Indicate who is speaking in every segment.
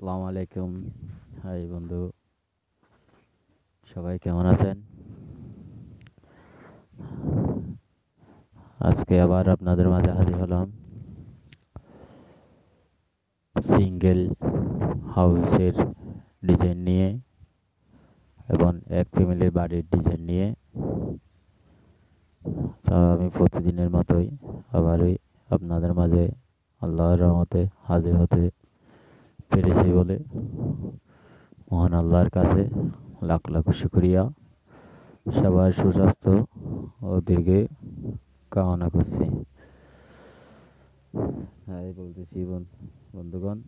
Speaker 1: আসসালামু আলাইকুম হাই বন্ধু সবাই কেমন আছেন আজকে আবার আপনাদের মাঝে হাজির হলাম সিঙ্গেল হাউসের ডিজাইন নিয়ে এবং এক ফ্যামিলির বাড়ির ডিজাইন নিয়ে তো আমি প্রতিদিনের মতোই আবারই আপনাদের মাঝে আল্লাহর রহমতে হাজির হতে পেরেছি বলে মহান আল্লাহর কাছে লাখ লাখ শুক্রিয়া সবার সুস্বাস্থ্য ও দীর্ঘে কামনা করছি হ্যাঁ বলতেছি বন্ধুগণ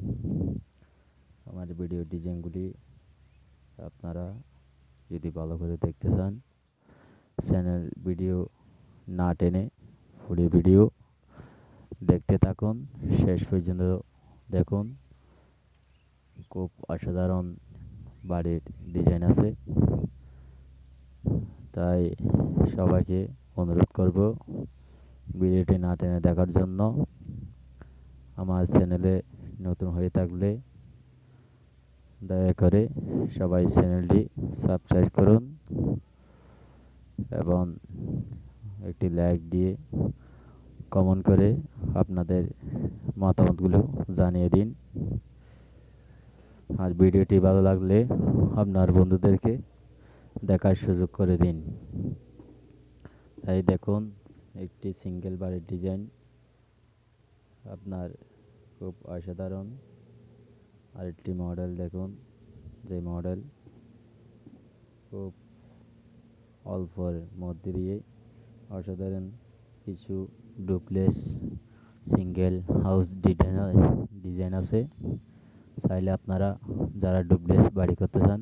Speaker 1: আমার ভিডিও ডিজাইনগুলি আপনারা যদি ভালো করে দেখতে চান চ্যানেল ভিডিও না টেনে পুরো ভিডিও দেখতে থাকুন শেষ পর্যন্ত দেখুন খুব অসাধারণ বাড়ির ডিজাইন আছে তাই সবাইকে অনুরোধ করব ভিডিওটি না টেনে দেখার জন্য আমার চ্যানেলে নতুন হয়ে থাকলে দয়া করে সবাই চ্যানেলটি সাবস্ক্রাইব করুন এবং একটি লাইক দিয়ে কমেন্ট করে আপনাদের মতামতগুলো জানিয়ে দিন আর ভিডিওটি ভালো লাগলে আপনার বন্ধুদেরকে দেখার সুযোগ করে দিন তাই দেখুন একটি সিঙ্গেল বাড়ির ডিজাইন আপনার খুব অসাধারণ আর একটি মডেল দেখুন যে মডেল খুব অল্পর মধ্যে দিয়ে অসাধারণ কিছু duplex single house design design আছে চাইলে আপনারা যারা ডুপ্লেস বাড়ি করতে চান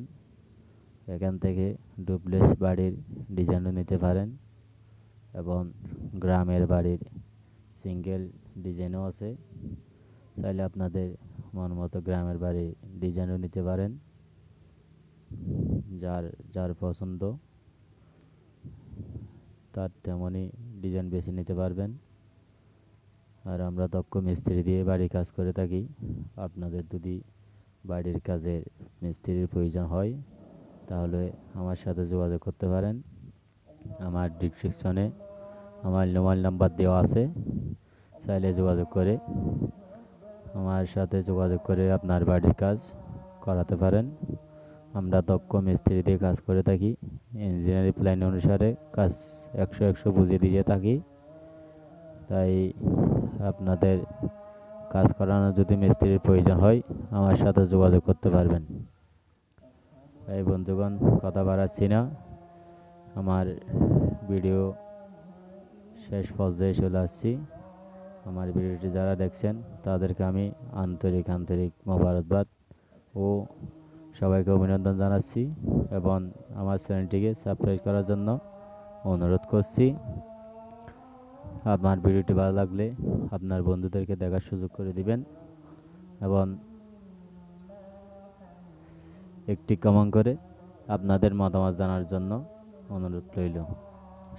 Speaker 1: এখান থেকে ডুপ্লেস বাড়ির ডিজাইনও নিতে পারেন এবং গ্রামের বাড়ির সিঙ্গেল ডিজাইনও আছে চাইলে আপনাদের মন মতো গ্রামের বাড়ির ডিজাইনও নিতে পারেন যার যার পছন্দ তার তেমনই ডিজাইন বেছে নিতে পারবেন আর আমরা দক্ষ মিস্ত্রি দিয়ে বাড়ির কাজ করে থাকি আপনাদের যদি বাড়ির কাজে মিস্ত্রির প্রয়োজন হয় তাহলে আমার সাথে যোগাযোগ করতে পারেন আমার ডিসক্রিপশনে আমার মোবাইল নাম্বার দেওয়া আছে চাইলে যোগাযোগ করে আমার সাথে যোগাযোগ করে আপনার বাড়ির কাজ করাতে পারেন আমরা দক্ষ মিস্ত্রি দিয়ে কাজ করে থাকি ইঞ্জিনিয়ারিং প্ল্যান অনুসারে কাজ একশো একশো বুঝিয়ে দিয়ে থাকি তাই আপনাদের কাজ করানোর যদি মিস্ত্রির প্রয়োজন হয় আমার সাথে যোগাযোগ করতে পারবেন তাই বন্ধুগণ কথা বাড়াচ্ছি না আমার ভিডিও শেষ পর্যায়ে চলে আসছি আমার ভিডিওটি যারা দেখছেন তাদেরকে আমি আন্তরিক আন্তরিক মোবারকবাদ ও সবাইকে অভিনন্দন জানাচ্ছি এবং আমার চ্যানেলটিকে সাবস্ক্রাইব করার জন্য অনুরোধ করছি আপনার ভিডিওটি ভালো লাগলে আপনার বন্ধুদেরকে দেখার সুযোগ করে দিবেন এবং একটি কমন করে আপনাদের মতামত জানার জন্য অনুরোধ রইল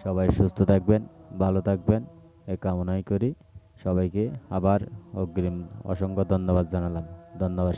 Speaker 1: সবাই সুস্থ থাকবেন ভালো থাকবেন এ কামনাই করি সবাইকে আবার অগ্রিম অসংখ্য ধন্যবাদ জানালাম ধন্যবাদ